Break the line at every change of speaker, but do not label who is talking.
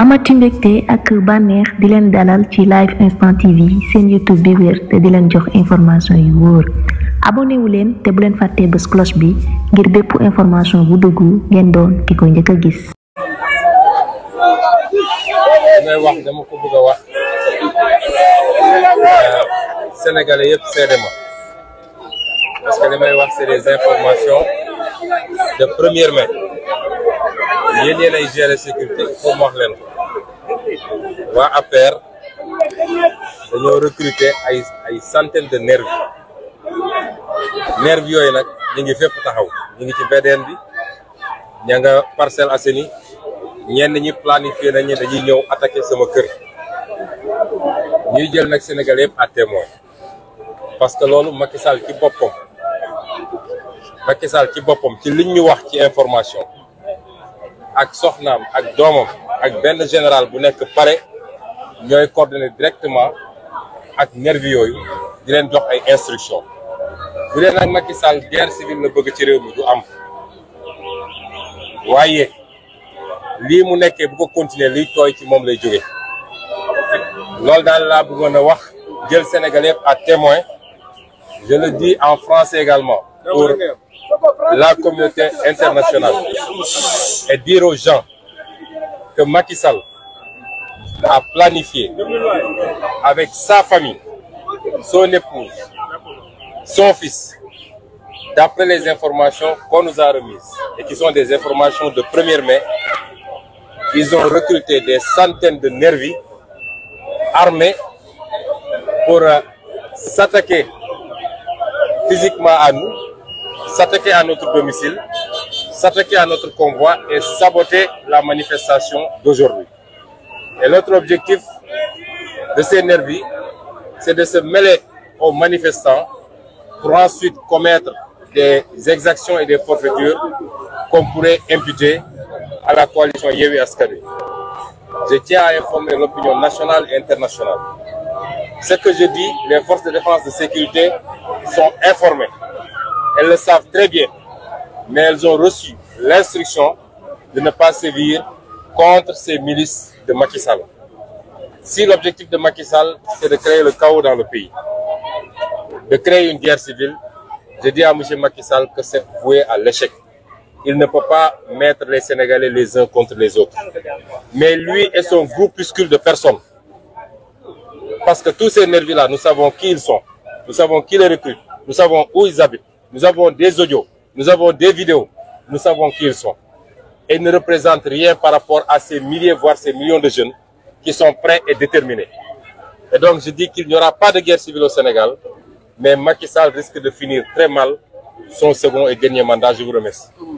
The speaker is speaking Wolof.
amati mbégte ak bànneex di leen dalal ci live instant yi seen youtube bi wér te di leen jox information yu wóor abonné leen te bu leen fàttee bés cloche bi ngir bépp information bu dugg ngeen doon ki ko njëkk a gis damay wax dama ko yéen yéen ay gérer sécurité foofu mu wax leen ko waa APR dañoo recruter ay ay de nervis nervis yooyu nag ñu ngi fépp taxaw ñu ngi ci VDN bi ña nga Parcelles Assainies ñenn ñi planifié nañu dañuy ñëw attaqué sama kër ñuy jël nag Sénégalais yëpp à témoin parce que loolu Macky Sall ci boppam Macky ci boppam ci liñ ñu wax ci information. ak soxnaam ak doomam ak benn général bu nekk pare ñooy coordonné directement ak nervi yooyu di leen jox ay instruction bu dee nag Macky Sall guerre civile la bëgg ci réew mi du am waaye lii mu nekkee bu ko continuer liy tooy ci moom lay jóge loolu daal laa bëggoon a wax jël Sénégal yëpp à témoin je le dis en français également, pour la communauté internationale, et dire aux gens que Macky a planifié avec sa famille, son épouse, son fils, d'après les informations qu'on nous a remises, et qui sont des informations de première mai ils ont recruté des centaines de nervis armés pour euh, s'attaquer physiquement à nous, s'attaquer à notre domicile, s'attaquer à notre convoi et saboter la manifestation d'aujourd'hui. Et l'autre objectif de ces nervis, c'est de se mêler aux manifestants pour ensuite commettre des exactions et des forfaitures qu'on pourrait imputer à la coalition Yewi Askari. Je tiens à informer l'opinion nationale et internationale. Ce que je dis, les forces de défense de sécurité sont informées. Elles le savent très bien, mais elles ont reçu l'instruction de ne pas sévir contre ces milices de Macky Sall. Si l'objectif de Macky Sall, c'est de créer le chaos dans le pays, de créer une guerre civile, je dis à M. Macky que c'est voué à l'échec. il ne peut pas mettre les Sénégalais les uns contre les autres. Mais lui et son groupuscule de personnes, parce que tous ces nervis-là, nous savons qui ils sont, nous savons qui les recrute, nous savons où ils habitent, nous avons des audios, nous avons des vidéos, nous savons qui ils sont. Et ne représentent rien par rapport à ces milliers, voire ces millions de jeunes qui sont prêts et déterminés. donc je dis qu'il n'y aura pas de guerre civile au Sénégal, mais Macky Sall risque de finir très son second et